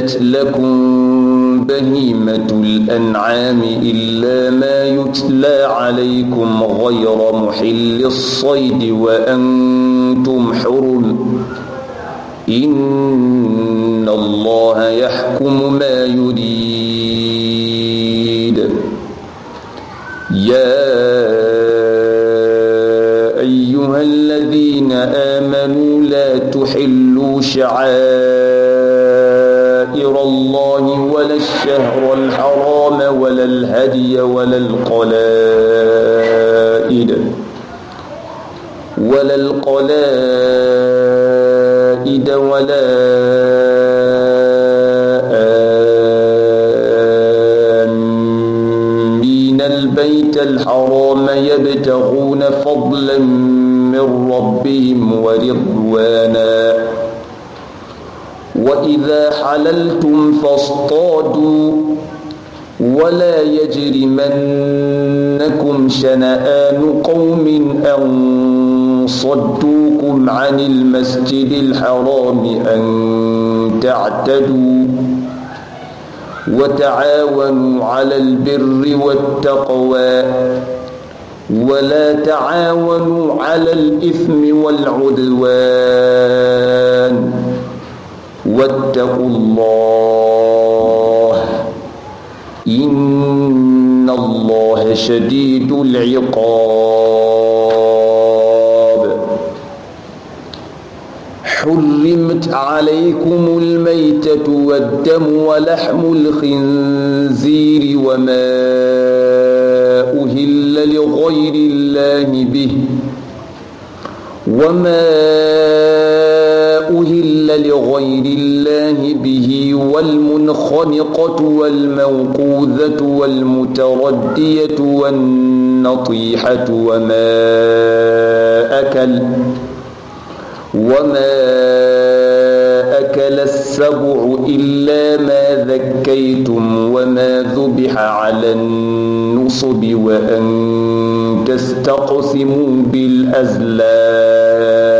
أحلت لكم بهيمة الأنعام إلا ما يتلى عليكم غير محل الصيد وأنتم حرم إن الله يحكم ما يريد يا أيها الذين آمنوا لا تحلوا شعائر شعائر الله ولا الشهر الحرام ولا الهدي ولا القلائد ولا القلائد ولا آمين البيت الحرام يبتغون فضلا وإذا حللتم فاصطادوا ولا يجرمنكم شنآن قوم أن صدوكم عن المسجد الحرام أن تعتدوا وتعاونوا على البر والتقوى ولا تعاونوا على الإثم والعدوان واتقوا الله إن الله شديد العقاب حرمت عليكم الميتة والدم ولحم الخنزير وما أهل لغير الله به وما أهل لغير الله به والمنخنقة والموقوذة والمتردية والنطيحة وما أكل وما أكل السبع إلا ما ذكيتم وما ذبح على النصب وأن تستقسموا بالأزلام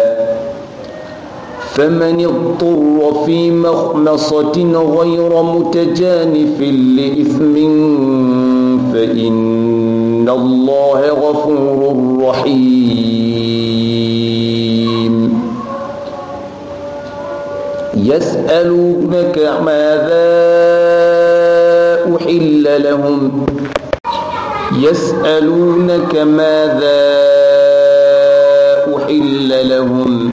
فمن اضطر في مخلصة غير متجانف لإثم فإن الله غفور رحيم يسألونك ماذا أحل لهم يسألونك ماذا أحل لهم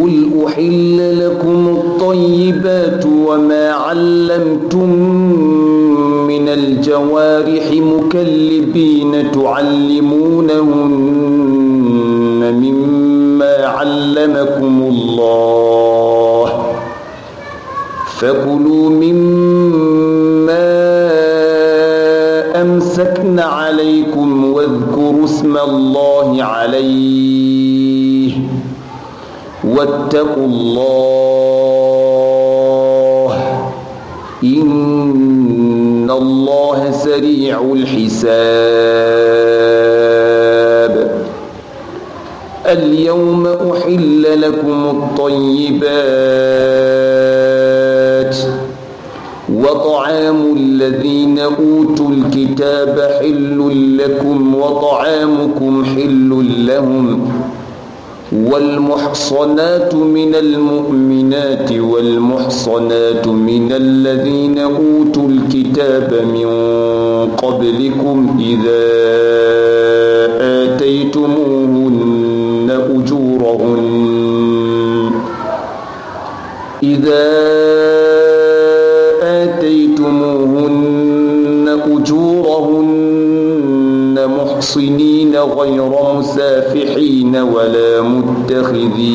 قل أحل لكم الطيبات وما علمتم من الجوارح مكلبين تعلمونهن مما علمكم الله فكلوا مما أمسكن عليكم واذكروا اسم الله عليه واتقوا الله إن الله سريع الحساب اليوم أحل لكم الطيبات وطعام الذين أوتوا الكتاب حل لكم وطعامكم حل لهم والمحصنات من المؤمنات والمحصنات من الذين أوتوا الكتاب من قبلكم إذا آتيتموهن أجورهن إذا آتيتموهن أجورهن محصنين متخذين غير مسافحين ولا متخذي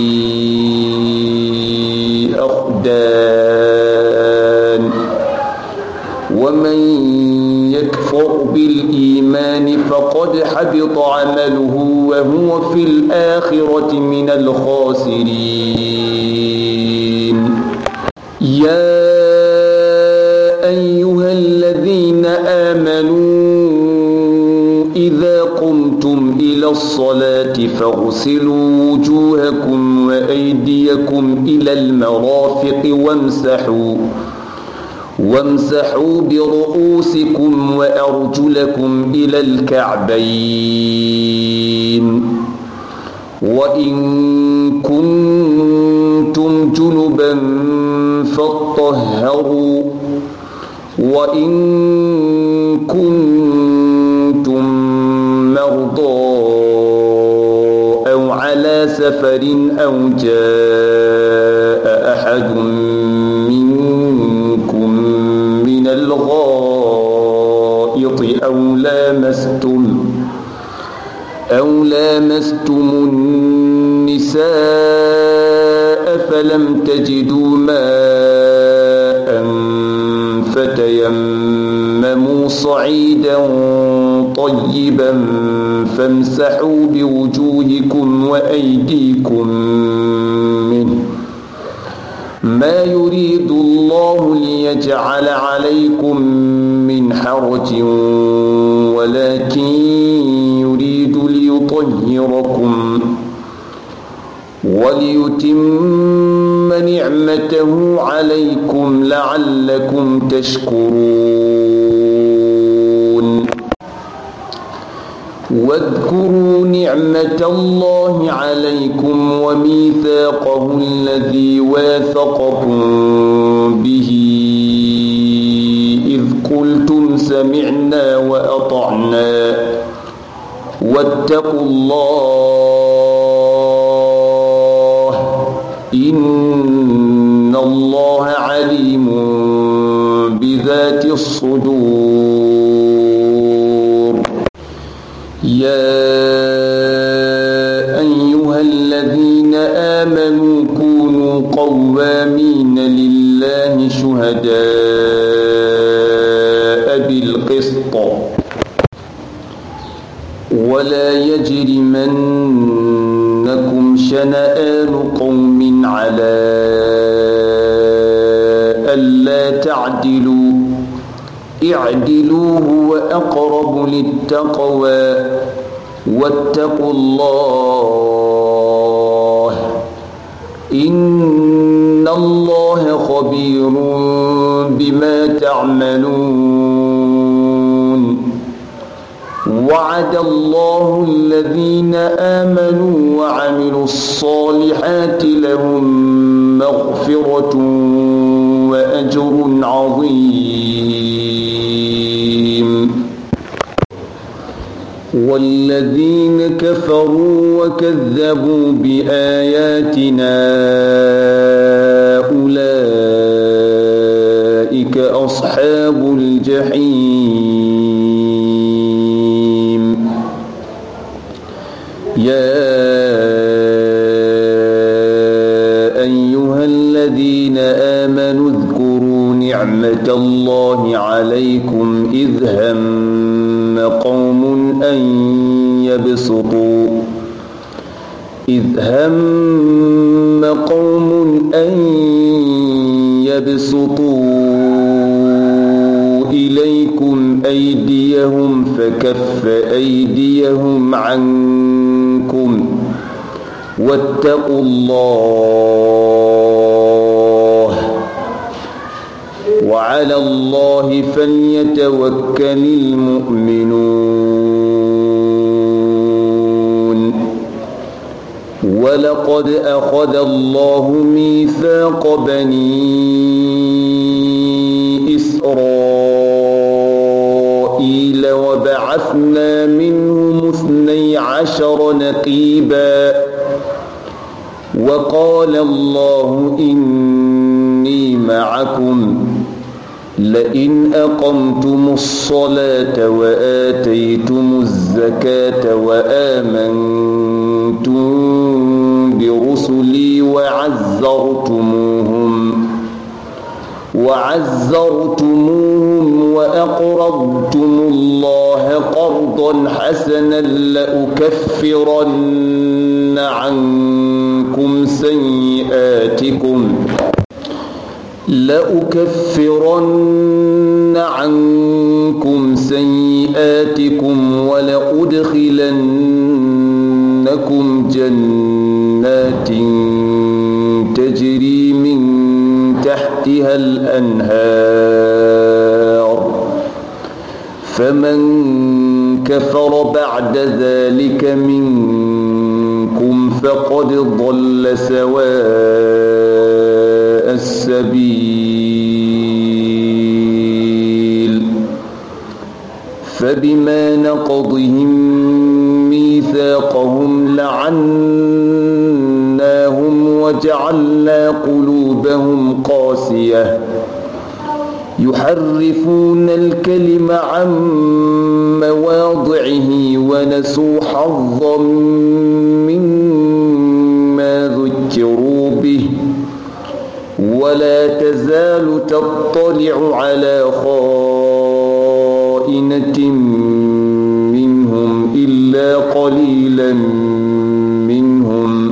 أخدان ومن يكفر بالإيمان فقد حبط عمله وهو في الآخرة من الخاسرين يا الصلاة فاغسلوا وجوهكم وأيديكم إلى المرافق وامسحوا وامسحوا برؤوسكم وأرجلكم إلى الكعبين وإن كنتم جنبا فاطهروا وإن كنتم سفر أو جاء أحد منكم من الغائط أو لامستم أو لامستم النساء فلم تجدوا ماءً فتيمموا صعيدا طيبا فامسحوا بوجوهكم وأيديكم منه ما يريد الله ليجعل عليكم من حرج ولكن يريد ليطهركم وليتم ثم نعمته عليكم لعلكم تشكرون واذكروا نعمة الله عليكم وميثاقه الذي واثقكم به إذ قلتم سمعنا وأطعنا واتقوا الله إن الله عليم بذات الصدور يا أيها الذين آمنوا كونوا قوامين لله شهداء بالقسط ولا يجرمنكم شنآن قوم على ألا تعدلوا اعدلوا هو أقرب للتقوى واتقوا الله إن الله خبير بما تعملون وعد الله الذين آمنوا وعملوا الصالحات لهم مغفرة وأجر عظيم والذين كفروا وكذبوا بآياتنا أولئك أصحاب الجحيم يا أيها الذين آمنوا اذكروا نعمة الله عليكم إذ هم قوم أن يبسطوا إذ هم قوم أن يبسطوا إليكم أيديهم فكف أيديهم عنكم واتقوا الله وعلى الله فليتوكل المؤمنون ولقد أخذ الله ميثاق بني إسرائيل وبعثنا منهم اثني عشر نقيباً وقال الله إني معكم لئن أقمتم الصلاة وآتيتم الزكاة وآمنتم برسلي وعزرتموهم وعزرتموهم وأقرضتم الله قرضا حسنا لأكفرن يكفرن عنكم سيئاتكم لأكفرن عنكم سيئاتكم ولأدخلنكم جنات تجري من تحتها الأنهار فمن كفر بعد ذلك من فقد ضل سواء السبيل فبما نقضهم ميثاقهم لعناهم وجعلنا قلوبهم قاسيه يحرفون الكلم عن مواضعه ونسوا حظا ولا تزال تطلع على خائنة منهم إلا قليلا منهم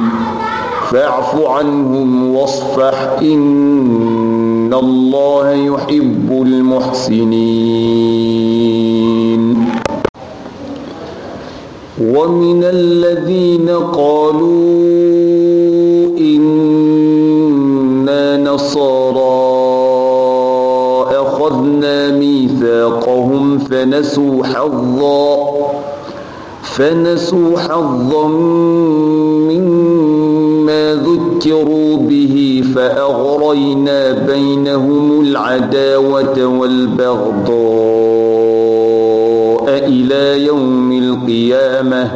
فاعف عنهم واصفح إن الله يحب المحسنين ومن الذين قالوا فنسوا حظا فنسوا حظا مما ذكروا به فأغرينا بينهم العداوة والبغضاء إلى يوم القيامة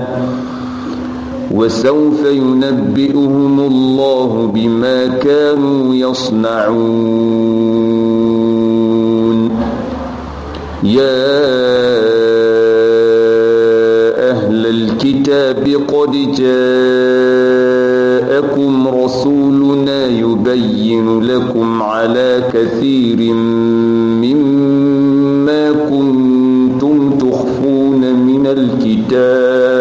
وسوف ينبئهم الله بما كانوا يصنعون يا أهل الكتاب قد جاءكم رسولنا يبين لكم على كثير مما كنتم تخفون من الكتاب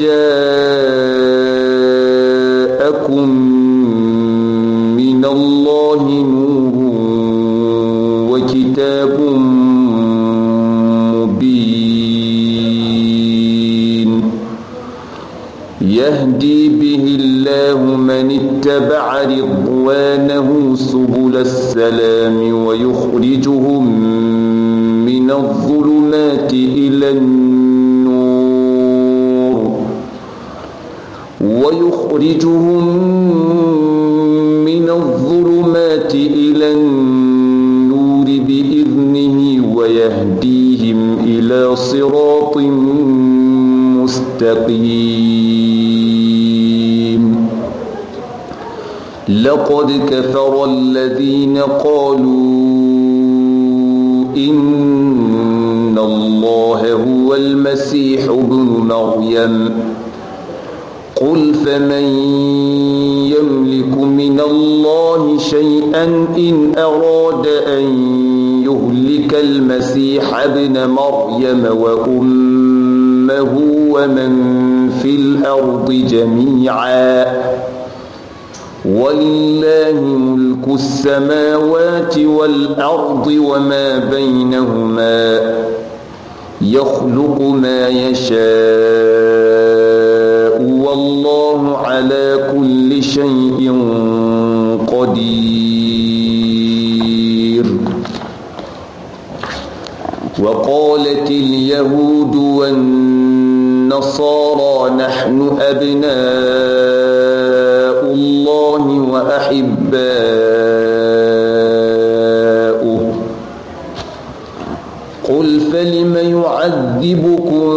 جاء مستقيم لقد كفر الذين قالوا إن الله هو المسيح ابن مريم قل فمن يملك من الله شيئا إن أراد أن يهلك المسيح ابن مريم وأمه ومن في الأرض جميعا ولله ملك السماوات والأرض وما بينهما يخلق ما يشاء والله على كل شيء قدير وقالت اليهود والنصارى النصارى نحن أبناء الله وأحباؤه قل فلم يعذبكم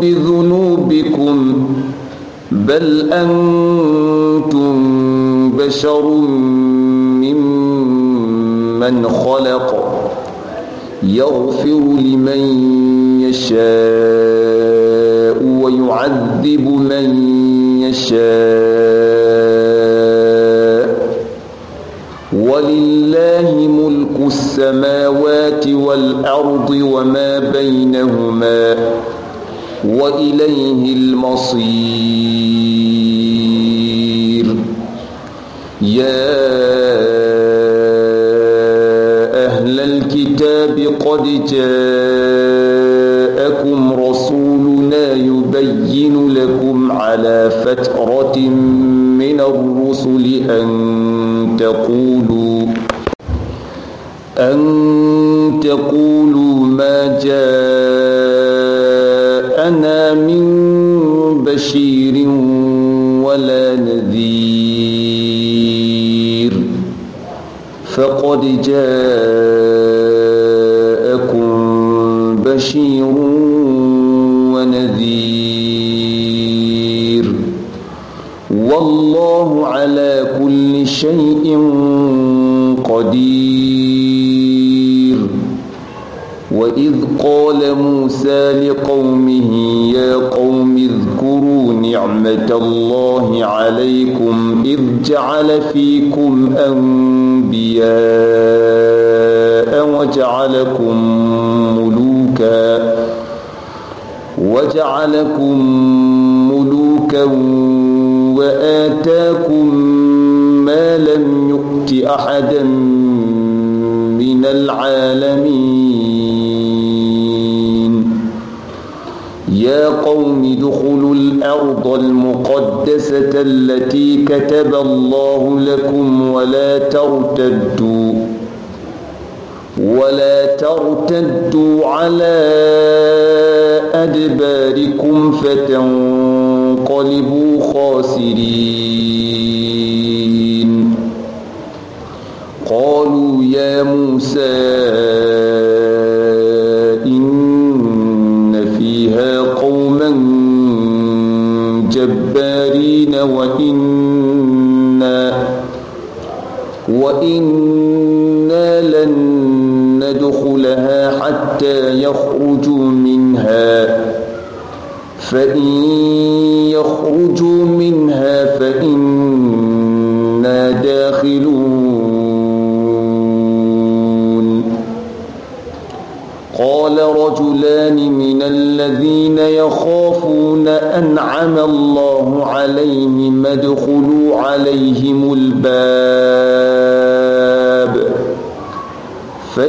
بذنوبكم بل أنتم بشر ممن خلق يغفر لمن يشاء ويعذب من يشاء ولله ملك السماوات والأرض وما بينهما وإليه المصير يا أهل الكتاب قد جاءكم رسول كنا يبين لكم على فترة من الرسل أن تقولوا أن تقولوا ما جاءنا من بشير ولا نذير فقد جاءكم بشير الله على كل شيء قدير وإذ قال موسى لقومه يا قوم اذكروا نعمة الله عليكم إذ جعل فيكم أنبياء وجعلكم ملوكا وجعلكم ملوكا وآتاكم ما لم يؤت أحدا من العالمين يا قوم ادخلوا الأرض المقدسة التي كتب الله لكم ولا ترتدوا ولا ترتدوا على أدباركم فتنظروا فانقلبوا خاسرين قالوا يا موسى إن فيها قوما جبارين وإنا وإنا لن ندخلها حتى يخرجوا منها فإن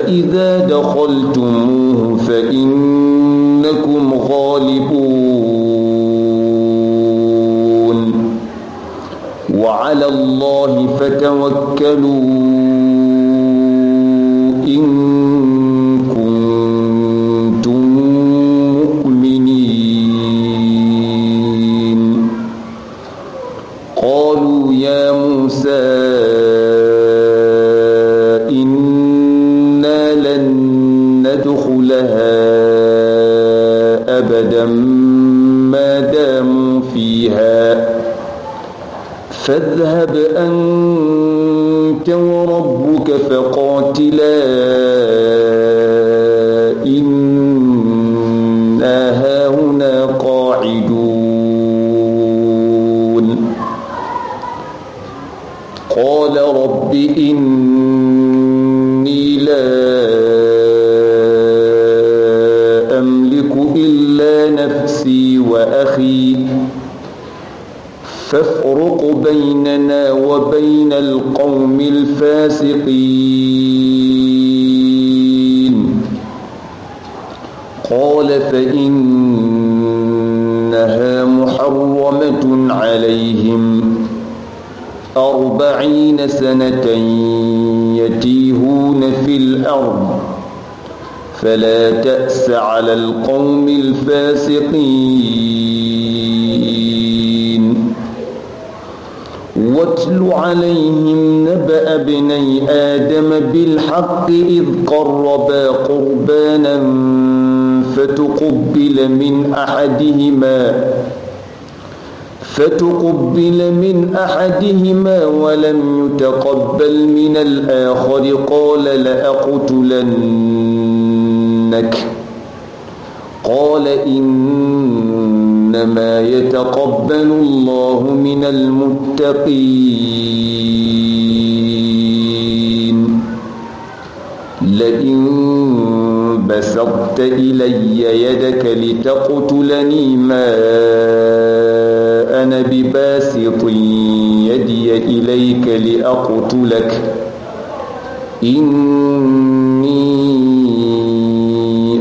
فإذا دخلتموه فإنكم غالبون وعلى الله فتوكلوا الحق إذ قربا قربانا فتقبل من أحدهما فتقبل من أحدهما ولم يتقبل من الآخر قال لأقتلنك قال إنما يتقبل الله من المتقين لئن بسطت إلي يدك لتقتلني ما أنا بباسط يدي إليك لأقتلك إني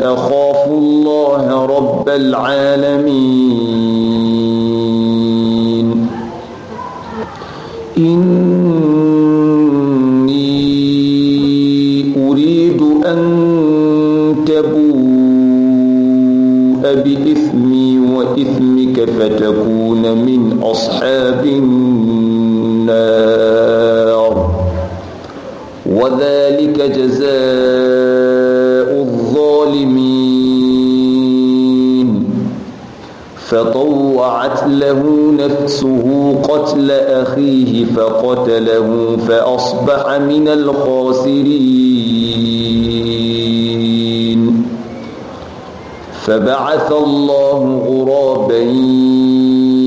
أخاف الله رب العالمين إني أصحاب النار وذلك جزاء الظالمين فطوعت له نفسه قتل أخيه فقتله فأصبح من الخاسرين فبعث الله غرابين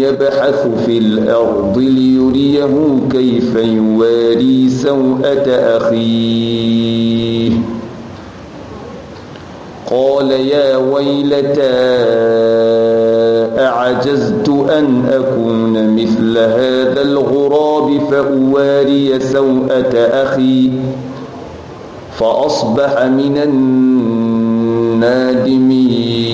يبحث في الأرض ليريه كيف يواري سوءة أخيه قال يا ويلتى أعجزت أن أكون مثل هذا الغراب فأواري سوءة أخي فأصبح من النادمين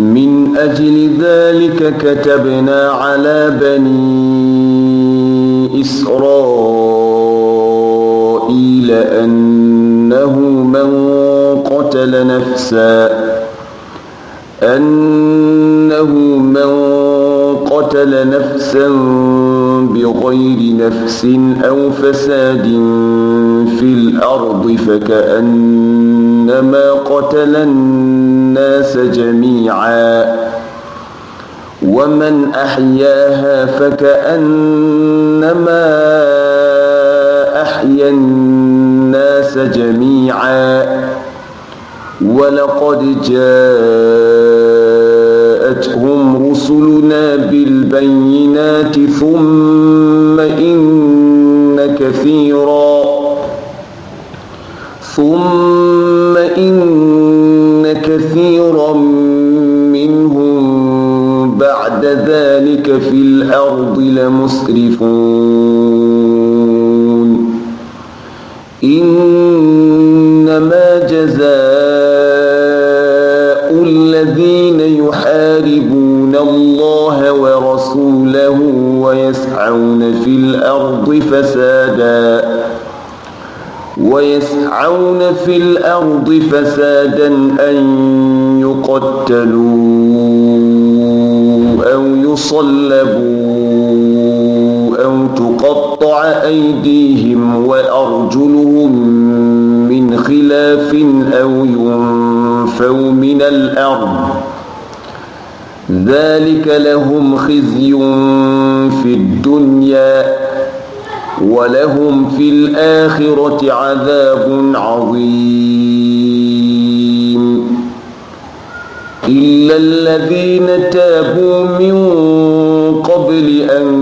من أجل ذلك كتبنا على بني إسرائيل أنه من قتل نفسا أنه من قتل نفسا بغير نفس أو فساد في الأرض فكأن إنما قتل الناس جميعا ومن أحياها فكأنما أحيا الناس جميعا ولقد جاءتهم رسلنا بالبينات ثم إن كثيرا ثم وإن كثيرا منهم بعد ذلك في الأرض لمسرفون في الأرض فسادا أن يقتلوا أو يصلبوا أو تقطع أيديهم وأرجلهم من خلاف أو ينفوا من الأرض ذلك لهم خزي في الدنيا ولهم في الآخرة عذاب عظيم إلا الذين تابوا من قبل أن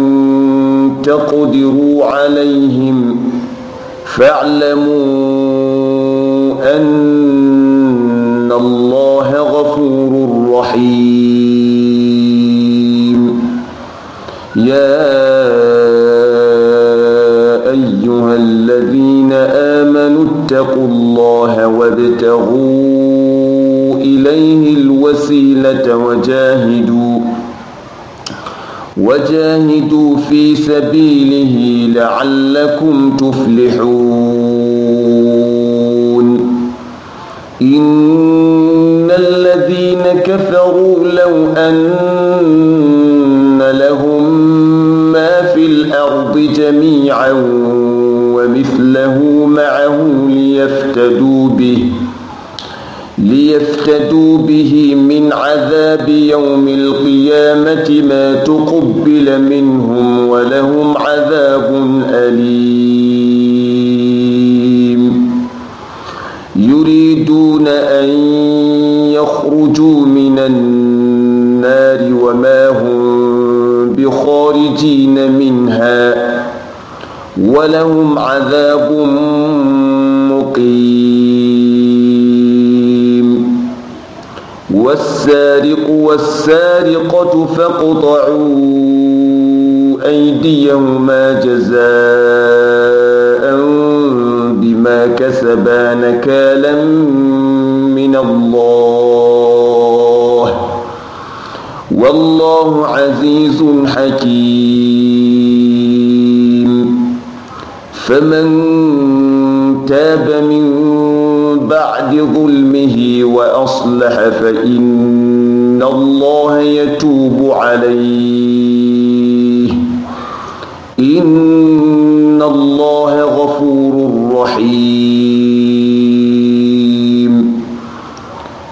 تقدروا عليهم فاعلموا أن الله غفور رحيم يا الذين آمنوا اتقوا الله وابتغوا إليه الوسيلة وجاهدوا وجاهدوا في سبيله لعلكم تفلحون إن الذين كفروا لو أن لهم ما في الأرض جميعا له معه ليفتدوا به ليفتدوا به من عذاب يوم القيامة ما تقبل منهم ولهم عذاب أليم يريدون أن يخرجوا من النار وما هم بخارجين منها ولهم عذاب مقيم والسارق والسارقة فاقطعوا أيديهما جزاء بما كسبا نكالا من الله والله عزيز حكيم فمن تاب من بعد ظلمه وأصلح فإن الله يتوب عليه إن الله غفور رحيم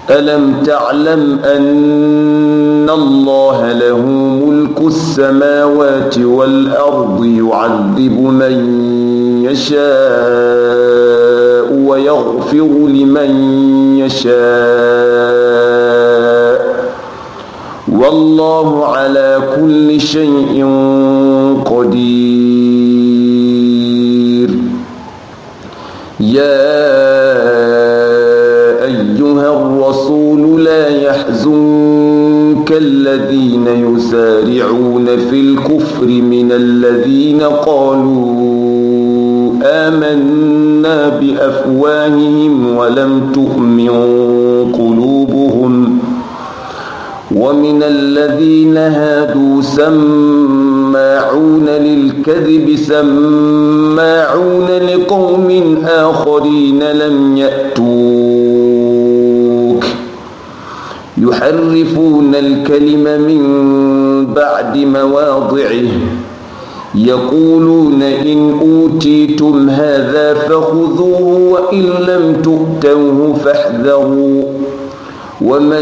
ألم تعلم أن الله له ملك السماوات والأرض يعذب من يشاء ويغفر لمن يشاء والله على كل شيء قدير يا أيها الرسول لا يحزنك الذين يسارعون في الكفر من الذين قالوا آمنا بأفواههم ولم تؤمن قلوبهم ومن الذين هادوا سماعون للكذب سماعون لقوم آخرين لم يأتوك يحرفون الكلم من بعد مواضعه يقولون إن أوتيتم هذا فخذوه وإن لم تؤتوه فاحذروا ومن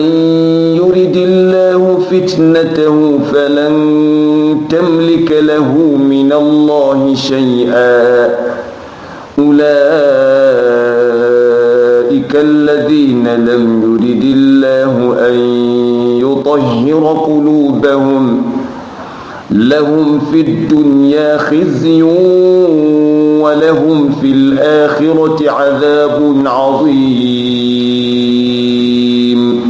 يرد الله فتنته فلن تملك له من الله شيئا أولئك الذين لم يرد الله أن يطهر قلوبهم لهم في الدنيا خزي ولهم في الآخرة عذاب عظيم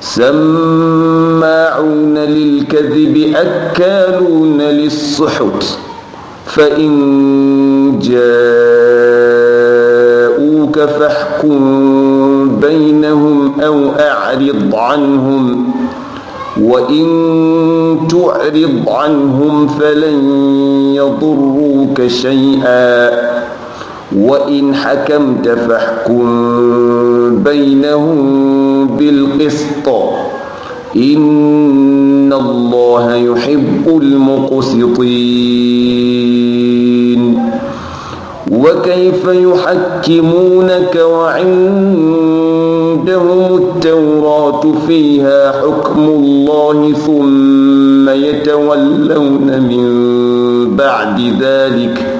سماعون للكذب أكالون للصحت فإن جاءوك فاحكم بينهم أو أعرض عنهم وإن تعرض عنهم فلن يضروك شيئا وإن حكمت فاحكم بينهم بالقسط إن الله يحب المقسطين وكيف يحكمونك وعندهم التوراة فيها حكم الله ثم يتولون من بعد ذلك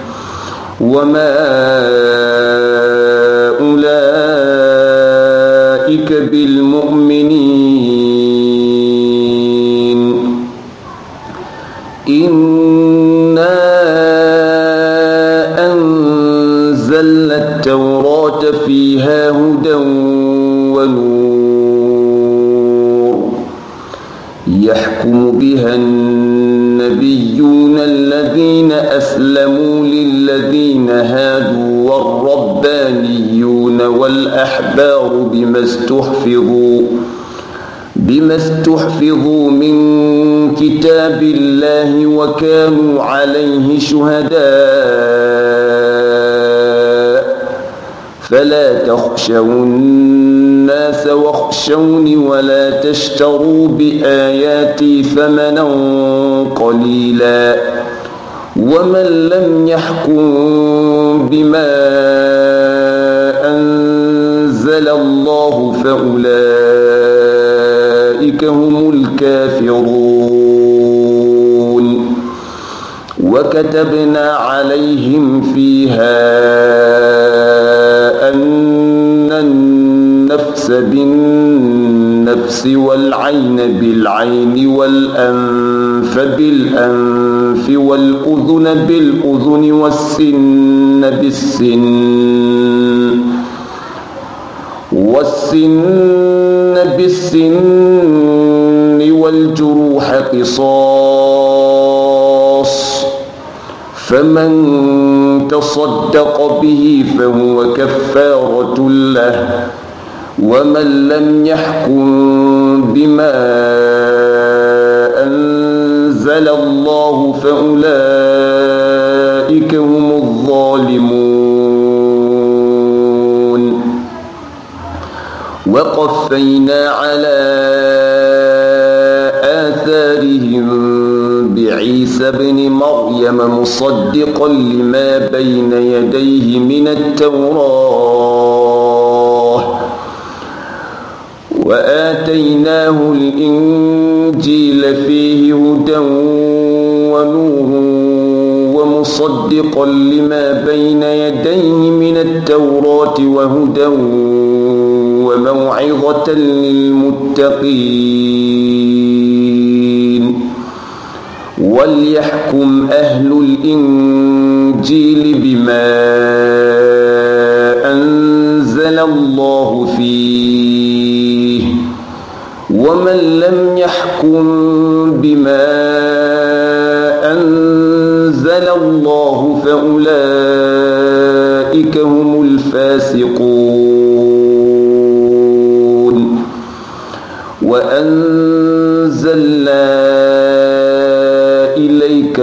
وما حفظوا من كتاب الله وكانوا عليه شهداء فلا تخشوا الناس واخشوني ولا تشتروا بآياتي ثمنا قليلا ومن لم يحكم بما أنزل الله فأولئك أولئك هم الكافرون وكتبنا عليهم فيها أن النفس بالنفس والعين بالعين والأنف بالأنف والأذن بالأذن والسن بالسن والسن بالسن والجروح قصاص فمن تصدق به فهو كفارة له ومن لم يحكم بما أنزل الله فأولئك وقفينا على آثارهم بعيسى ابن مريم مصدقا لما بين يديه من التوراة وآتيناه الإنجيل فيه هدى ونور ومصدقا لما بين يديه من التوراة وهدى وموعظة للمتقين وليحكم أهل الإنجيل بما أنزل الله فيه ومن لم يحكم بما أنزل الله فأولئك هم الفاسقون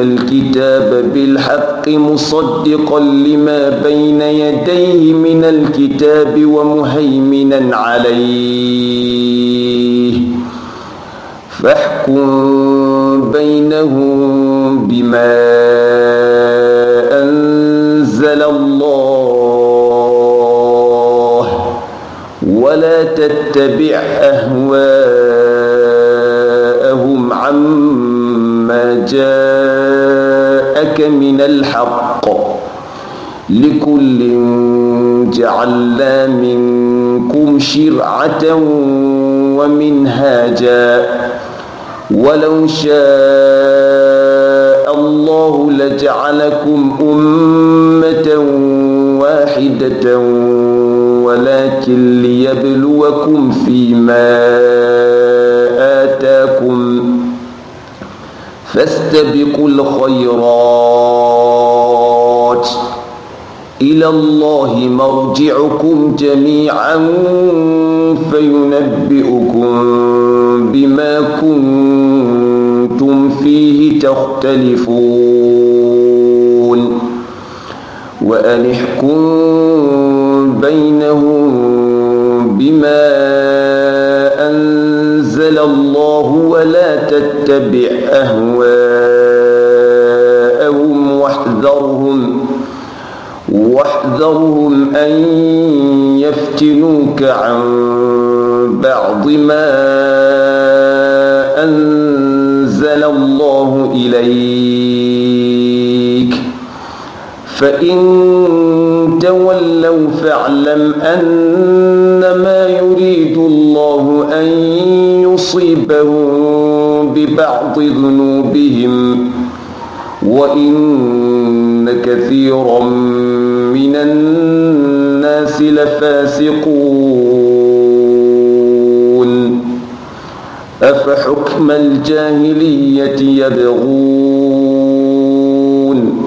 الكتاب بالحق مصدقا لما بين يديه من الكتاب ومهيمنا عليه فاحكم بينهم بما أنزل الله ولا تتبع أهواءهم عما جاء من الحق لكل جعلنا منكم شرعة ومنهاجا ولو شاء الله لجعلكم أمة واحدة ولكن ليبلوكم فيما آتاكم فاستبقوا الخيرات إلى الله مرجعكم جميعا فينبئكم بما كنتم فيه تختلفون وأنحكم بينهم إلا الله ولا تتبع أهواءهم واحذرهم واحذرهم أن يفتنوك عن بعض ما أنزل الله إليك فإن تولوا فاعلم أنما يريد الله أن مصيبهم ببعض ذنوبهم وإن كثيرا من الناس لفاسقون أفحكم الجاهلية يبغون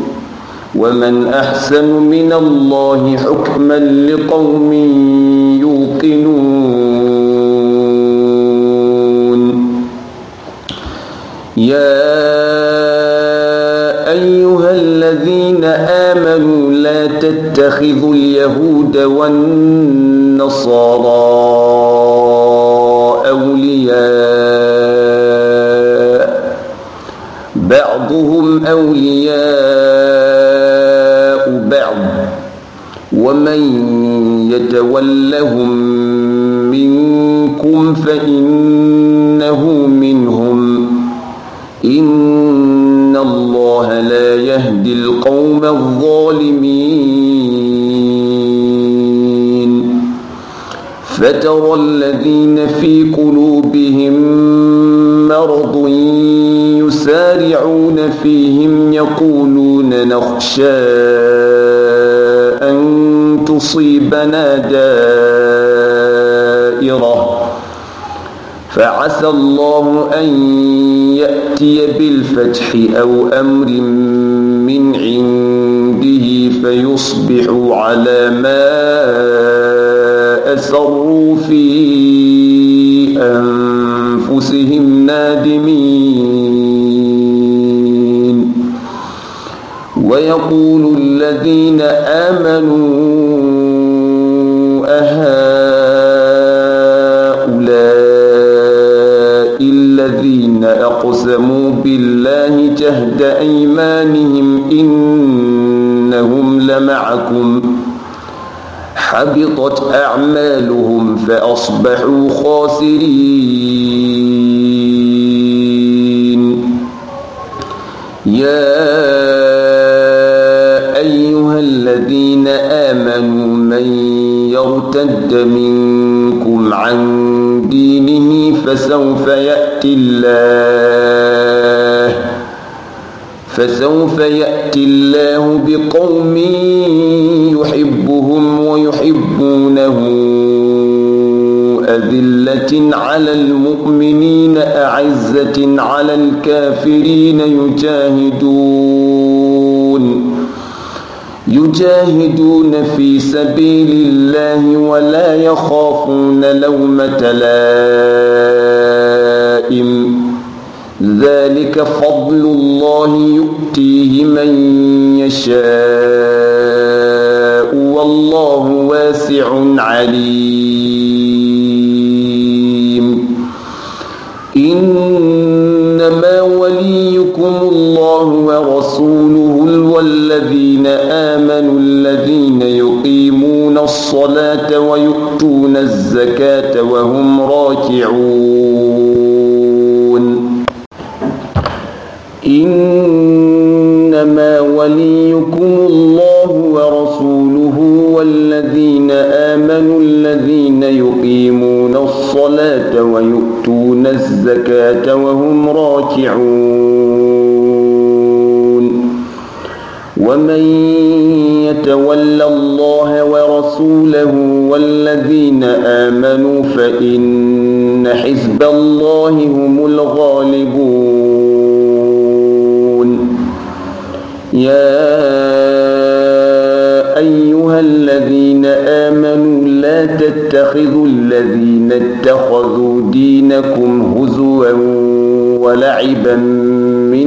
ومن أحسن من الله حكما لقوم يوقنون يا أيها الذين آمنوا لا تتخذوا اليهود والنصارى أولياء بعضهم أولياء بعض ومن يتولهم منكم فإنه منهم إن الله لا يهدي القوم الظالمين فترى الذين في قلوبهم مرض يسارعون فيهم يقولون نخشى أن تصيبنا دائرة فعسى الله أن يأتي بالفتح أو أمر من عنده فيصبحوا على ما أسروا في أنفسهم نادمين ويقول الذين آمنوا أهل وأقسموا بالله جهد أيمانهم إنهم لمعكم حبطت أعمالهم فأصبحوا خاسرين يا أيها الذين آمنوا من يرتد منكم عن دين فسوف يأتي الله فسوف يأتي الله بقوم يحبهم ويحبونه أذلة على المؤمنين أعزة على الكافرين يجاهدون يجاهدون في سبيل الله ولا يخافون لومة لائم ذلك فضل الله يؤتيه من يشاء والله واسع عليم إنما وليكم الله ورسوله والذين الذين آمنوا الذين يقيمون الصلاة ويؤتون الزكاة وهم راكعون إنما وليكم الله ورسوله والذين آمنوا الذين يقيمون الصلاة ويؤتون الزكاة وهم راكعون ومن يتول الله ورسوله والذين آمنوا فإن حزب الله هم الغالبون يا أيها الذين آمنوا لا تتخذوا الذين اتخذوا دينكم هزوا ولعبا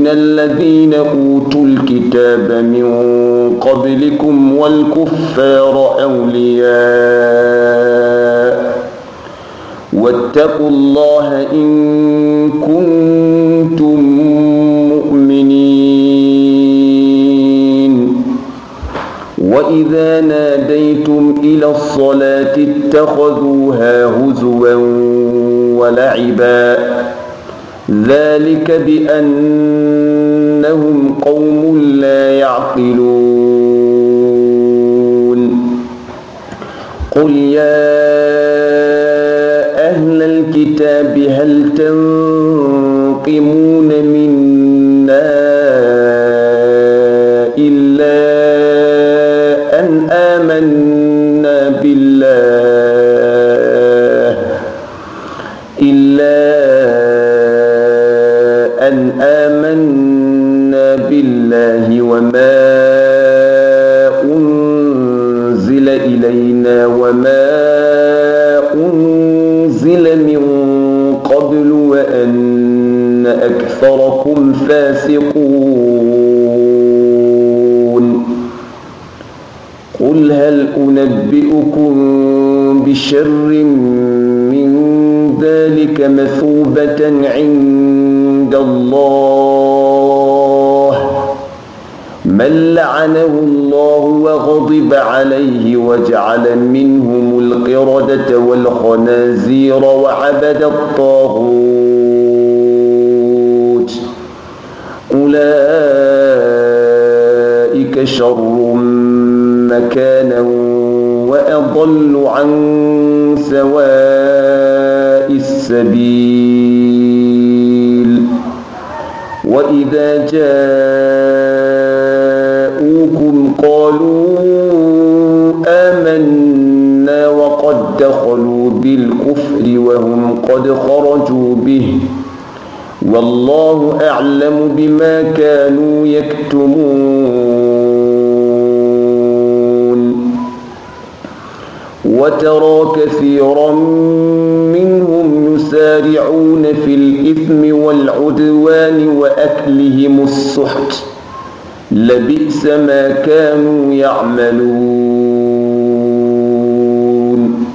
من الذين أوتوا الكتاب من قبلكم والكفار أولياء واتقوا الله إن كنتم مؤمنين وإذا ناديتم إلى الصلاة اتخذوها هزوا ولعبا ذلك بأنهم قوم لا يعقلون قل يا أهل الكتاب هل تنقمون منا إلا أن آمنا أكثركم فاسقون قل هل أنبئكم بشر من ذلك مثوبة عند الله من لعنه الله وغضب عليه وجعل منهم القردة والخنازير وعبد الطاغوت ذلك شر مكانا وأضل عن سواء السبيل وإذا جاءوكم قالوا آمنا وقد دخلوا بالكفر وهم قد خرجوا به والله أعلم بما كانوا يكتمون وترى كثيرا منهم يسارعون في الإثم والعدوان وأكلهم السحت لبئس ما كانوا يعملون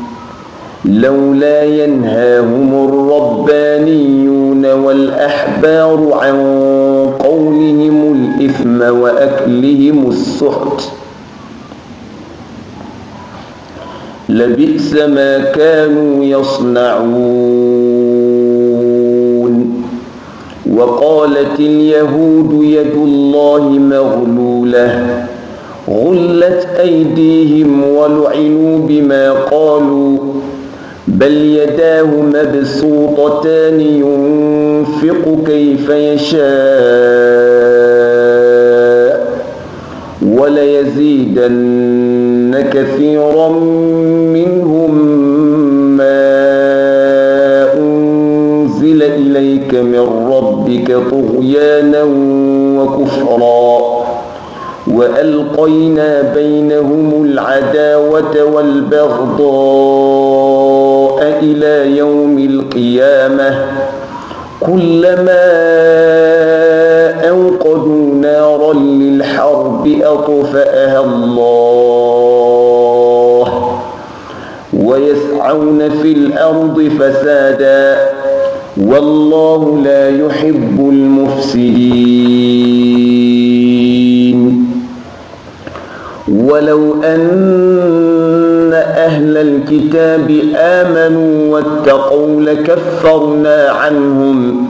لولا ينهاهم الربانيون والأحبار عن قولهم الإثم وأكلهم السحت لبئس ما كانوا يصنعون وقالت اليهود يد الله مغلولة غلت أيديهم ولعنوا بما قالوا بل يداه مبسوطتان ينفق كيف يشاء وليزيدن كثيرا منهم ما أنزل إليك من ربك طغيانا وكفرا وألقينا بينهم العداوة والبغضاء إلى يوم القيامة كلما الأرض أطفأها الله ويسعون في الأرض فسادا والله لا يحب المفسدين ولو أن أهل الكتاب آمنوا واتقوا لكفرنا عنهم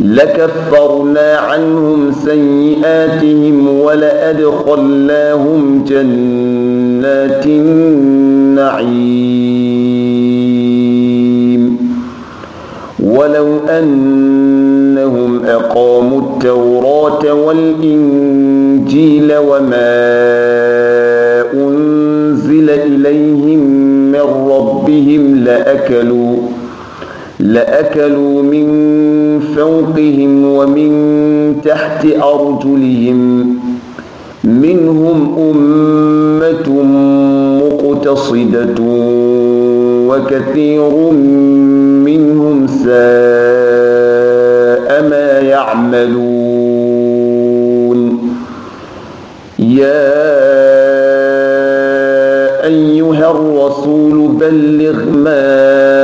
لكفرنا عنهم سيئاتهم ولأدخلناهم جنات النعيم ولو أنهم أقاموا التوراة والإنجيل وما أنزل إليهم من ربهم لأكلوا لأكلوا من فوقهم ومن تحت أرجلهم منهم أمة مقتصدة وكثير منهم ساء ما يعملون يا أيها الرسول بلغ ما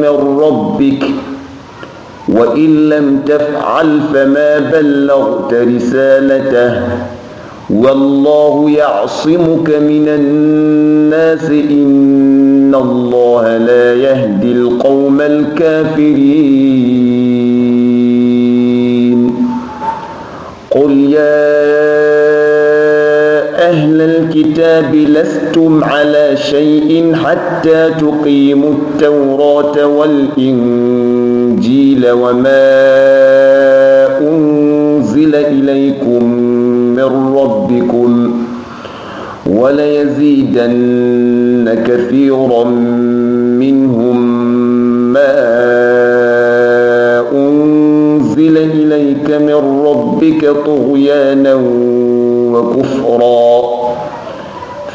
من ربك وإن لم تفعل فما بلغت رسالته والله يعصمك من الناس إن الله لا يهدي القوم الكافرين قل يا الكتاب لستم على شيء حتى تقيموا التوراة والإنجيل وما أنزل إليكم من ربكم وليزيدن كثيرا منهم ما أنزل إليك من ربك طغيانا وكفرا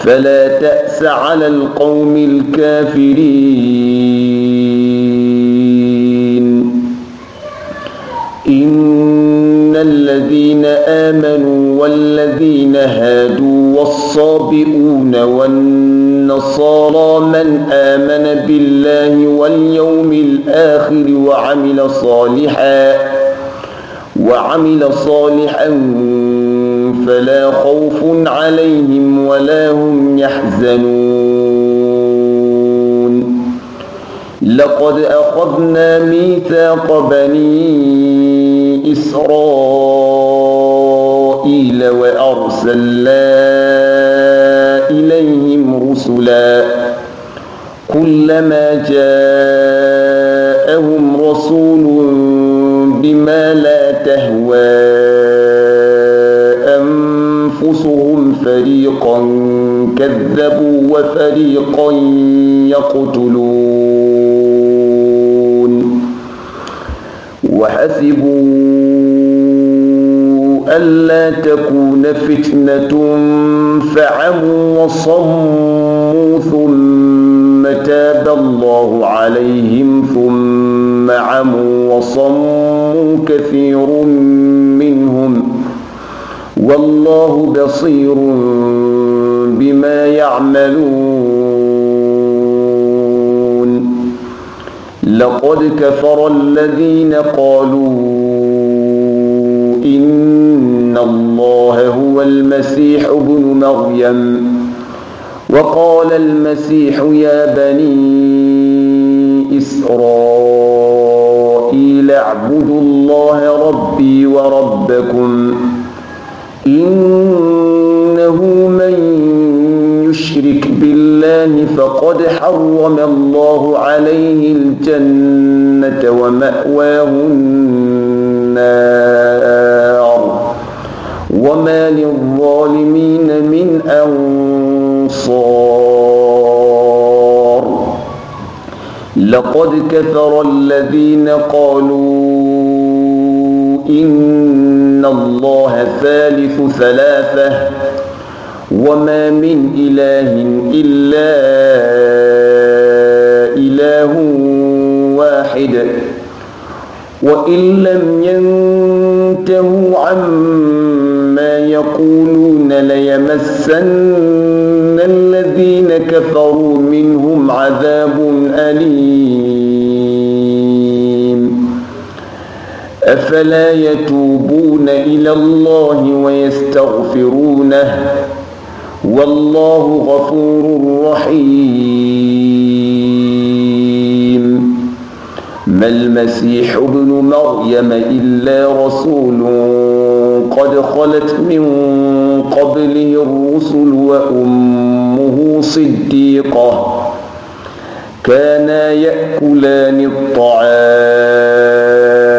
فلا تأس على القوم الكافرين إن الذين آمنوا والذين هادوا والصابئون والنصارى من آمن بالله واليوم الآخر وعمل صالحا وعمل صالحا فلا خوف عليهم ولا هم يحزنون لقد أخذنا ميثاق بني إسرائيل وأرسلنا إليهم رسلا كلما جاءهم رسول بما لا كذبوا وفريقا يقتلون وحسبوا ألا تكون فتنة فعموا وصموا ثم تاب الله عليهم ثم عموا وصموا كثير منهم والله بصير بما يعملون لقد كفر الذين قالوا إن الله هو المسيح ابن مريم وقال المسيح يا بني إسرائيل اعبدوا الله ربي وربكم إنه من يشرك بالله فقد حرم الله عليه الجنة ومأواه النار وما للظالمين من أنصار لقد كثر الذين قالوا إن الله ثالث ثلاثة وما من إله إلا إله واحد وإن لم ينتهوا عما يقولون ليمسن الذين كفروا منهم عذاب أليم أفلا يتوبون إلى الله ويستغفرونه والله غفور رحيم ما المسيح ابن مريم إلا رسول قد خلت من قبله الرسل وأمه صديقة كانا يأكلان الطعام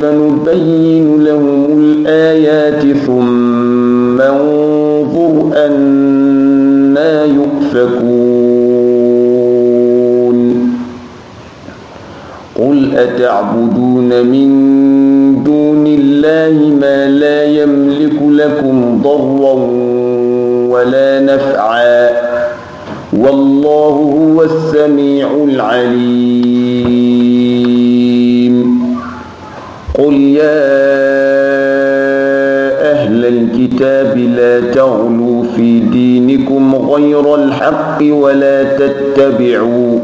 فنبين لهم الآيات ثم انظر أنا يؤفكون قل أتعبدون من دون الله ما لا يملك لكم ضرا ولا نفعا والله هو السميع العليم الكتاب لا تغلوا في دينكم غير الحق ولا تتبعوا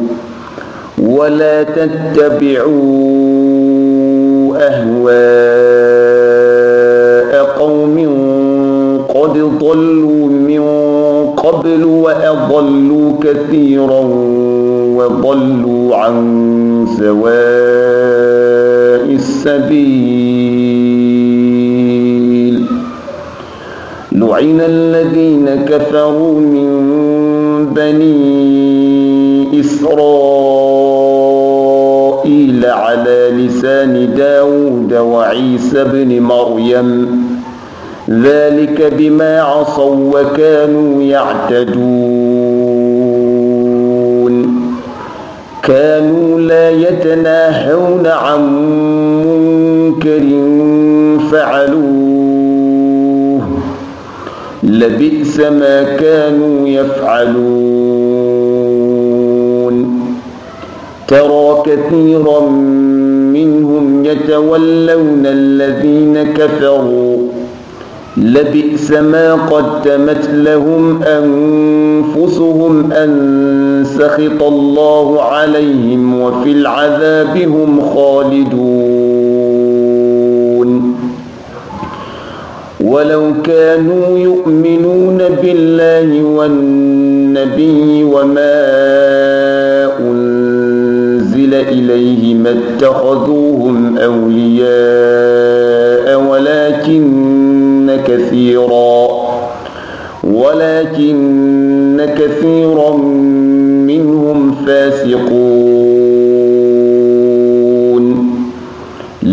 ولا تتبعوا أهواء قوم قد ضلوا من قبل وأضلوا كثيرا وضلوا عن سواء السبيل لعن الذين كفروا من بني إسرائيل على لسان داود وعيسى بن مريم ذلك بما عصوا وكانوا يعتدون كانوا لا يتناهون عن منكر فعلوه لبئس ما كانوا يفعلون ترى كثيرا منهم يتولون الذين كفروا لبئس ما قدمت لهم أنفسهم أن سخط الله عليهم وفي العذاب هم خالدون ولو كانوا يؤمنون بالله والنبي وما أنزل إليه ما اتخذوهم أولياء ولكن كثيرا ولكن كثيرا منهم فاسقون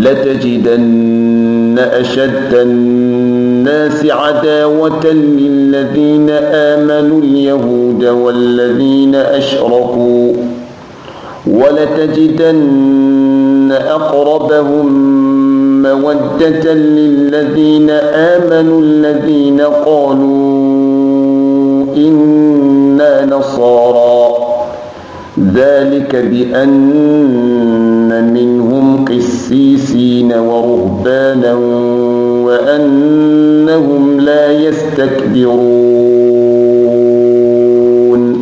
لتجدن أشد الناس عداوة للذين آمنوا اليهود والذين أشركوا ولتجدن أقربهم مودة للذين آمنوا الذين قالوا إنا نصارى ذلك بأن منهم قسا قسيسين ورهبانا وأنهم لا يستكبرون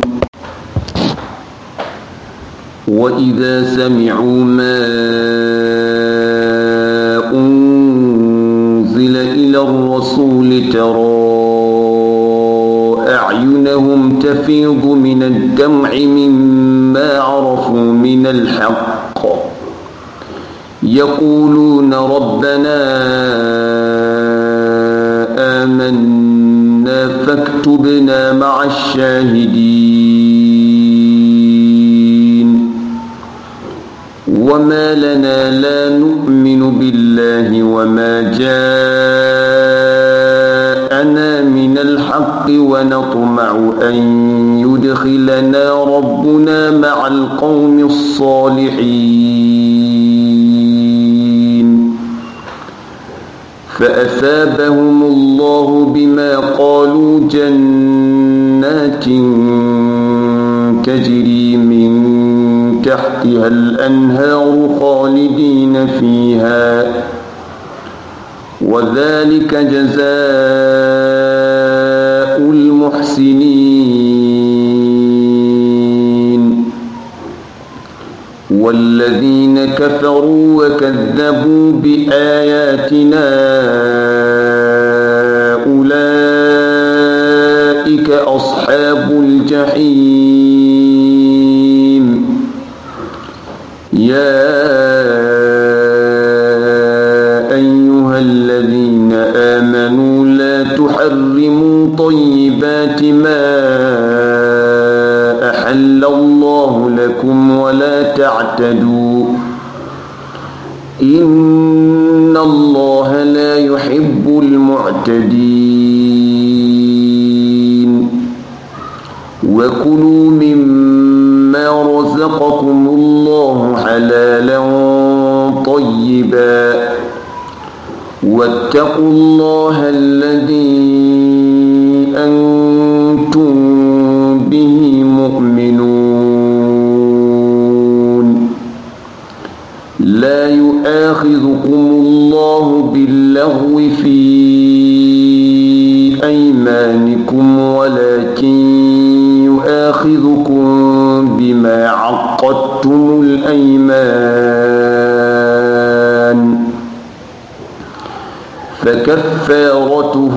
وإذا سمعوا ما أنزل إلى الرسول ترى أعينهم تفيض من الدمع مما عرفوا من الحق يقولون ربنا آمنا فاكتبنا مع الشاهدين وما لنا لا نؤمن بالله وما جاءنا من الحق ونطمع أن يدخلنا ربنا مع القوم الصالحين فأثابهم الله بما قالوا جنات تجري من تحتها الأنهار خالدين فيها وذلك جزاء المحسنين والذين كفروا وكذبوا بآياتنا أولئك أصحاب الجحيم يا أيها الذين آمنوا لا تحرموا طيبات ما أحل الله لكم ولا تعتدوا إن الله لا يحب المعتدين وكلوا مما رزقكم الله حلالا طيبا واتقوا الله الذي يعظكم الله باللغو في أيمانكم ولكن يؤاخذكم بما عقدتم الأيمان فكفارته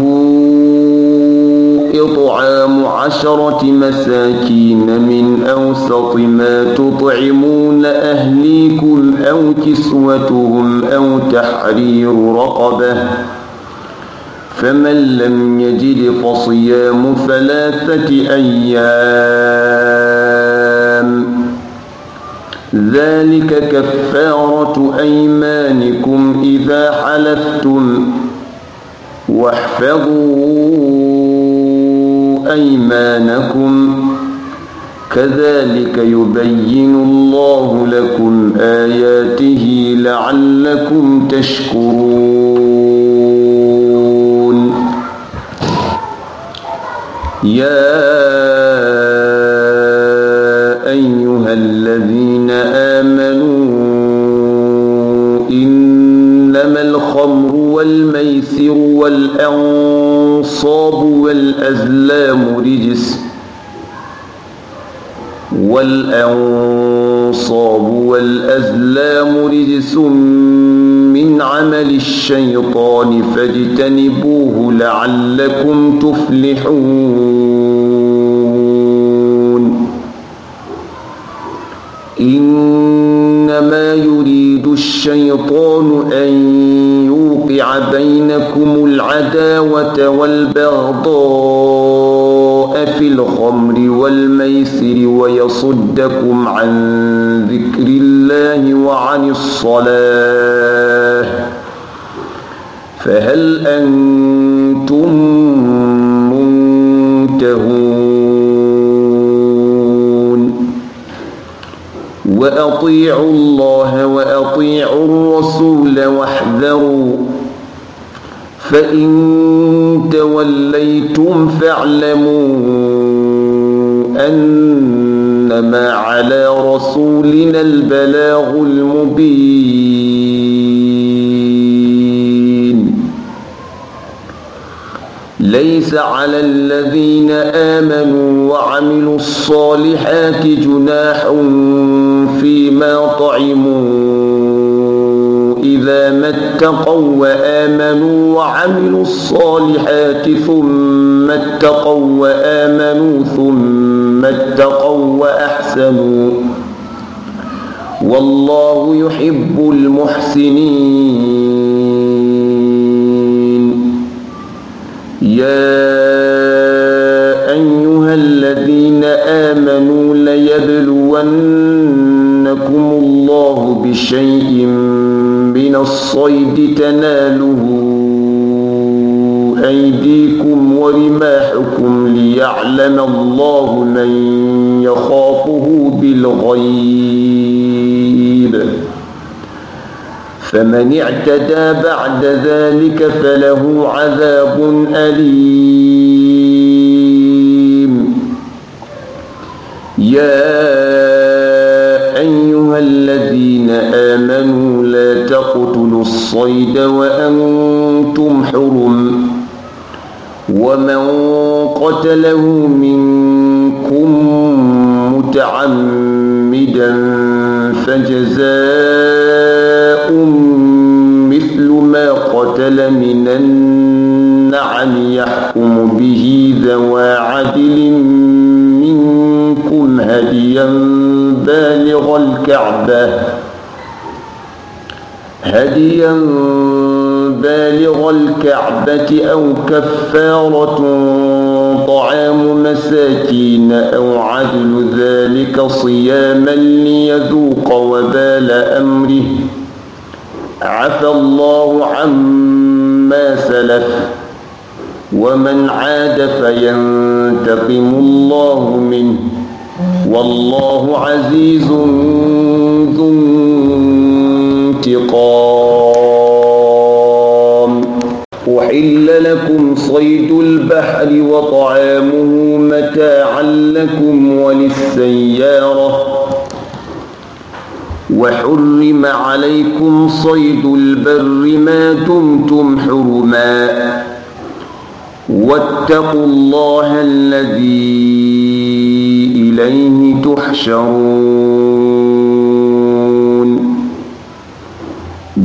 إطعام عشرة مساكين من أوسط ما تطعمون أهليكم أو كسوتهم أو تحرير رقبة فمن لم يجد فصيام ثلاثة أيام ذلك كفارة أيمانكم إذا حلفتم واحفظوا أيمانكم كذلك يبين الله لكم آياته لعلكم تشكرون يا أيها الذين آمنوا إنما الخمر والميسر والأنصار الأنصاب والأزلام رجس والأنصاب والأزلام رجس من عمل الشيطان فاجتنبوه لعلكم تفلحون إنما يريد الشيطان أن يوقع بينكم العداوة والبغضاء في الخمر والميسر ويصدكم عن ذكر الله وعن الصلاة فهل أنتم منتهون وأطيعوا الله وأطيعوا الرسول واحذروا فإن توليتم فاعلموا أنما على رسولنا البلاغ المبين ليس على الذين آمنوا وعملوا الصالحات جناح فيما طعموا إذا ما اتقوا وآمنوا وعملوا الصالحات ثم اتقوا وآمنوا ثم اتقوا وأحسنوا والله يحب المحسنين يا أيها الذين آمنوا ليبلونكم الله بشيء من الصيد تناله أيديكم ورماحكم ليعلم الله من يخافه بالغيب فمن اعتدى بعد ذلك فله عذاب أليم يا أيها الذين آمنوا لا تقتلوا الصيد وأنتم حرم ومن قتله منكم متعمدا فجزاه من النعم يحكم به ذوى عدل منكم هديا بالغ الكعبة هديا بالغ الكعبة أو كفارة طعام مساكين أو عدل ذلك صياما ليذوق وبال أمره عفى الله عما سلف ومن عاد فينتقم الله منه والله عزيز ذو انتقام أحل لكم صيد البحر وطعامه متاعا لكم وللسيارة وحرم عليكم صيد البر ما دمتم حرما واتقوا الله الذي إليه تحشرون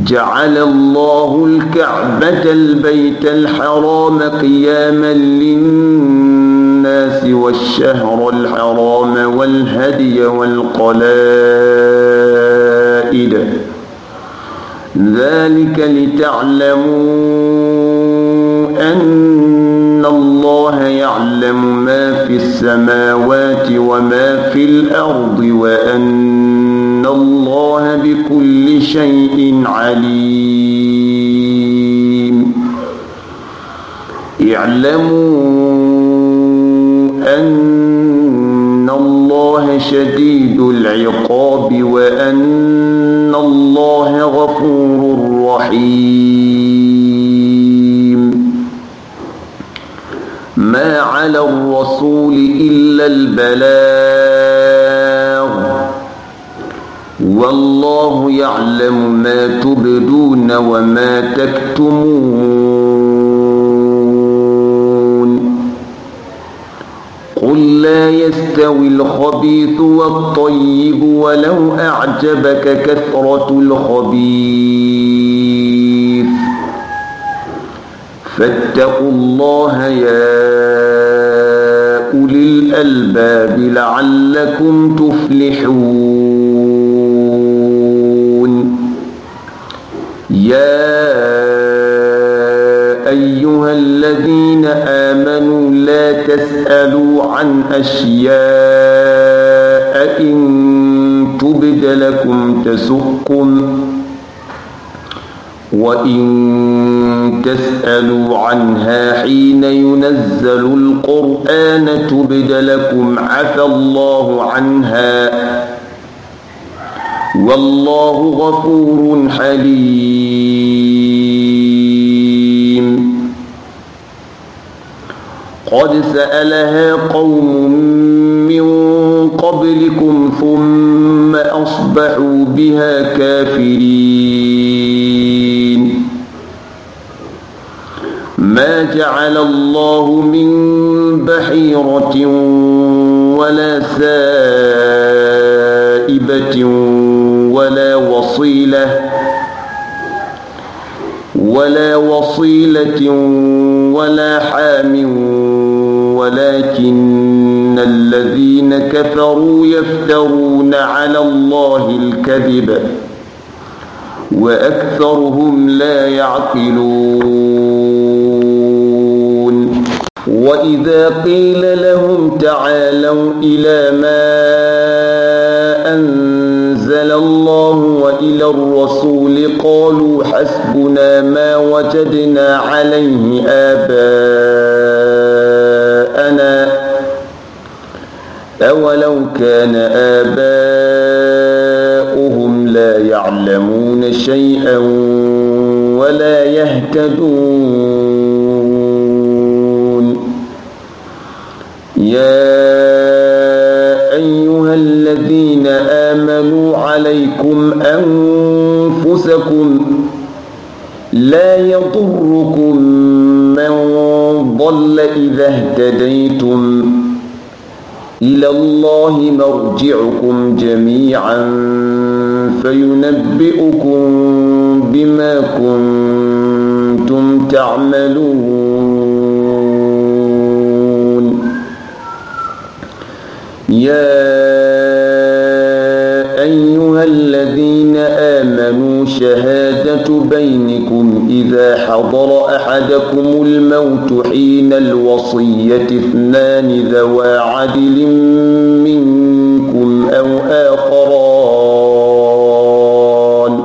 جعل الله الكعبة البيت الحرام قياما للناس الناس والشهر الحرام والهدي والقلائد ذلك لتعلموا أن الله يعلم ما في السماوات وما في الأرض وأن الله بكل شيء عليم اعلموا أن الله شديد العقاب وأن الله غفور رحيم ما على الرسول إلا البلاغ والله يعلم ما تبدون وما تكتمون لا يستوي الخبيث والطيب ولو أعجبك كثرة الخبيث فاتقوا الله يا أولي الألباب لعلكم تفلحون يا أيها الذين آمنوا ولا تسألوا عن أشياء إن تبد لكم تسؤكم وإن تسألوا عنها حين ينزل القرآن تبد لكم عفى الله عنها والله غفور حليم قد سألها قوم من قبلكم ثم أصبحوا بها كافرين ما جعل الله من بحيرة ولا سائبة ولا وصيله ولا وصيلة ولا حام ولكن الذين كفروا يفترون على الله الكذب وأكثرهم لا يعقلون وإذا قيل لهم تعالوا إلى ما أنزل أنزل الله وإلى الرسول قالوا حسبنا ما وجدنا عليه آباءنا أولو كان آباؤهم لا يعلمون شيئا ولا يهتدون يا آمنوا عليكم أنفسكم لا يضركم من ضل إذا اهتديتم إلى الله مرجعكم جميعا فينبئكم بما كنتم تعملون يا شهادة بينكم إذا حضر أحدكم الموت حين الوصية اثنان ذوى عدل منكم أو آخران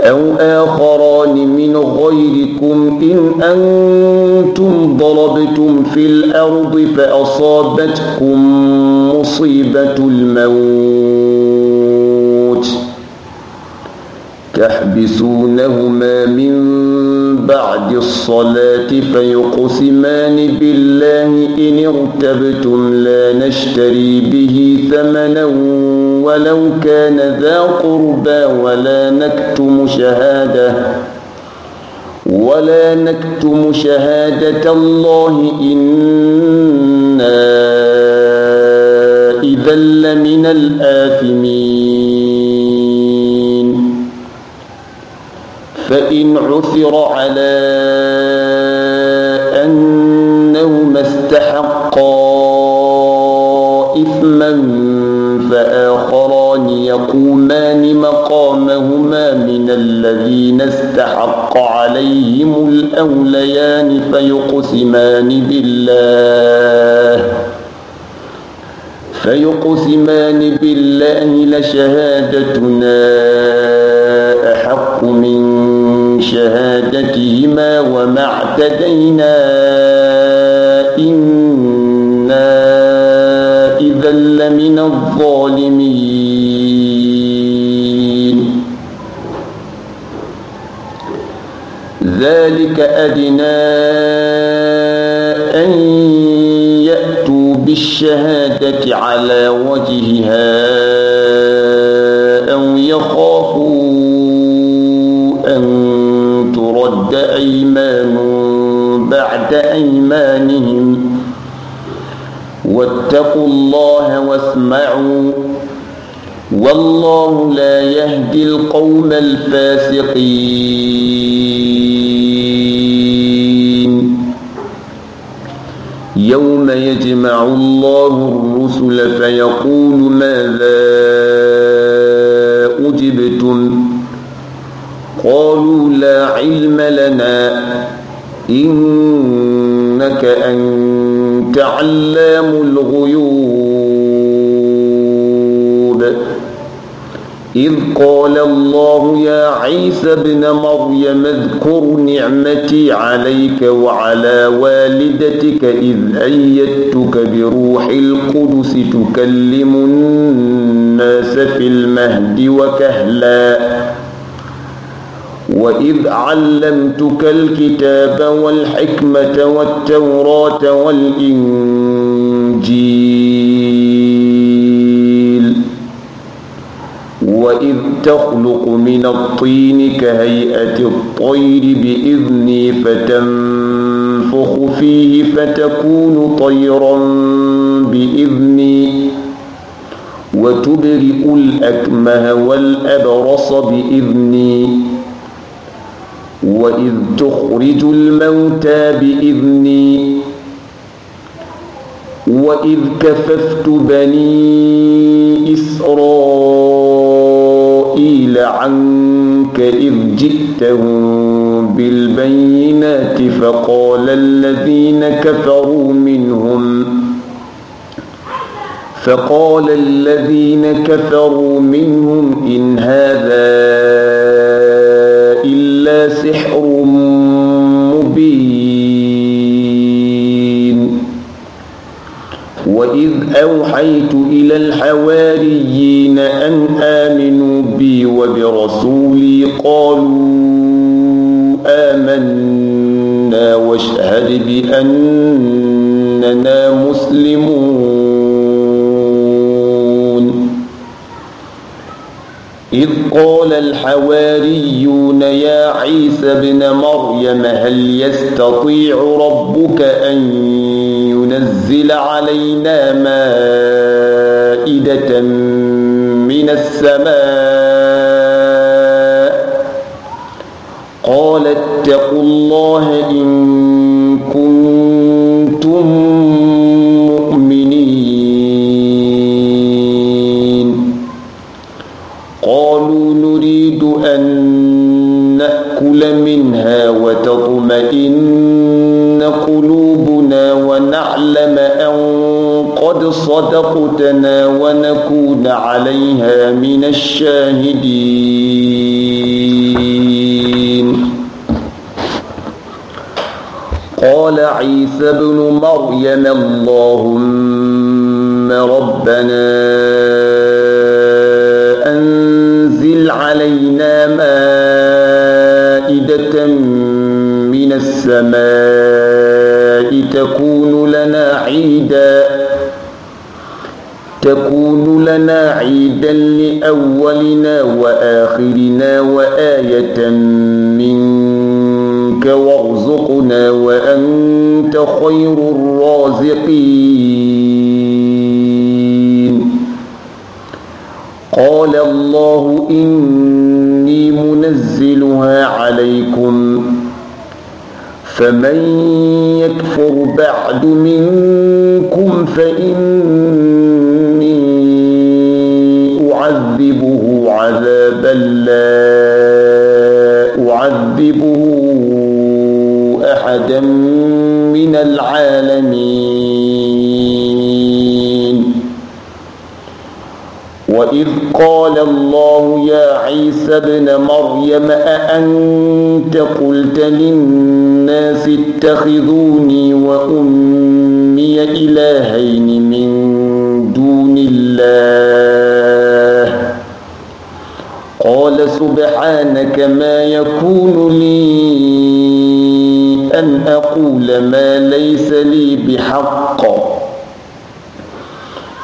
أو آخران من غيركم إن أنتم ضربتم في الأرض فأصابتكم مصيبة الموت تحبسونهما من بعد الصلاة فيقسمان بالله إن ارتبتم لا نشتري به ثمنا ولو كان ذا قربى ولا نكتم شهادة ولا نكتم شهادة الله إنا إذا لمن الآثمين فإن عثر على أنهما استحقا إثما فآخران يقومان مقامهما من الذين استحق عليهم الأوليان فيقسمان بالله فيقسمان بالله لشهادتنا أحق من شهادتهما وما اعتدينا إنا إذا لمن الظالمين ذلك أدنى أن بالشهادة على وجهها أو يخافوا أن ترد أيمان بعد أيمانهم واتقوا الله واسمعوا والله لا يهدي القوم الفاسقين يجمع الله الرسل فيقول ماذا أجبتم قالوا لا علم لنا إنك أنت علام الغيوب إذ قال الله يا عيسى ابن مريم اذكر نعمتي عليك وعلى والدتك إذ أيدتك بروح القدس تكلم الناس في المهد وكهلا وإذ علمتك الكتاب والحكمة والتوراة والإنجيل وإذ تخلق من الطين كهيئة الطير بإذني فتنفخ فيه فتكون طيرا بإذني وتبرئ الأكمه والأبرص بإذني وإذ تخرج الموتى بإذني وإذ كففت بني إسرائيل وقيل عنك إذ جئتهم بالبينات فقال الذين كفروا منهم فقال الذين كفروا منهم إن هذا إلا سحر مبين وإذ أوحيت إلى الحواريين أن آمنوا وبرسولي قَالُوا آمَنَّا وَاشْهَدْ بِأَنَّنَا مُسْلِمُونَ إِذْ قَالَ الْحَوَارِيُّونَ يَا عِيسَى ابْنَ مَرْيَمَ هَلْ يَسْتَطِيعُ رَبُّكَ أَنْ يُنَزِّلَ عَلَيْنَا مَائِدَةً من السماء قال اتقوا الله إن كنتم مؤمنين قالوا نريد أن نأكل منها وتطمئن قلوبنا ونعلم أن قد صدقتنا ونكون عليها من الشاهدين قال عيسى ابن مريم اللهم ربنا أنزل علينا مائدة من السماء تكون لنا عيدا تكون لنا عيدا لأولنا وآخرنا وآية منك منك وارزقنا وأنت خير الرازقين قال الله إني منزلها عليكم فمن يكفر بعد منكم فإن من العالمين وإذ قال الله يا عيسى ابن مريم أأنت قلت للناس اتخذوني وأمي إلهين من دون الله قال سبحانك ما يكون لي أقول ما ليس لي بحق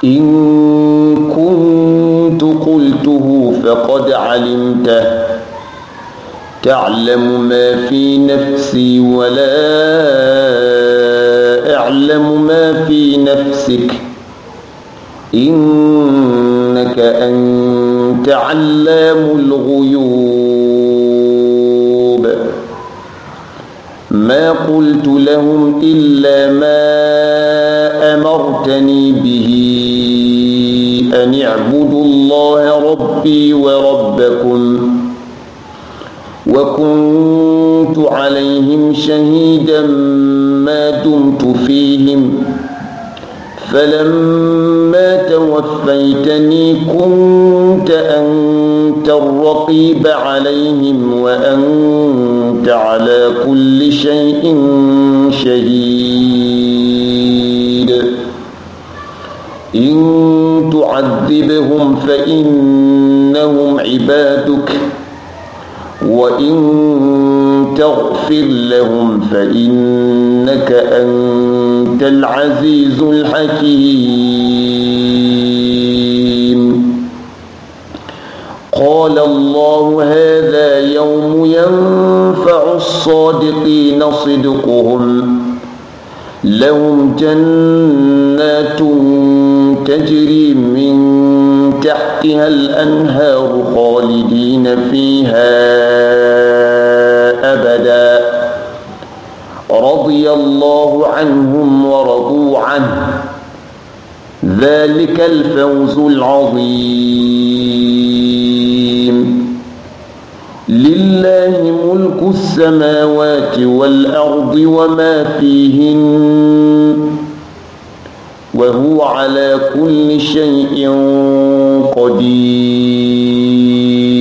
إن كنت قلته فقد علمته تعلم ما في نفسي ولا أعلم ما في نفسك إنك أنت علام الغيوب ما قلت لهم إلا ما أمرتني به أن اعبدوا الله ربي وربكم وكنت عليهم شهيدا ما دمت فيهم فلما توفيتني كنت أنت الرقيب عليهم وأنت وأنت على كل شيء شهيد إن تعذبهم فإنهم عبادك وإن تغفر لهم فإنك أنت العزيز الحكيم قال الله هذا يوم ينفع الصادقين صدقهم لهم جنات تجري من تحتها الأنهار خالدين فيها أبدا رضي الله عنهم ورضوا عنه ذلك الفوز العظيم لله ملك السماوات والأرض وما فيهن وهو على كل شيء قدير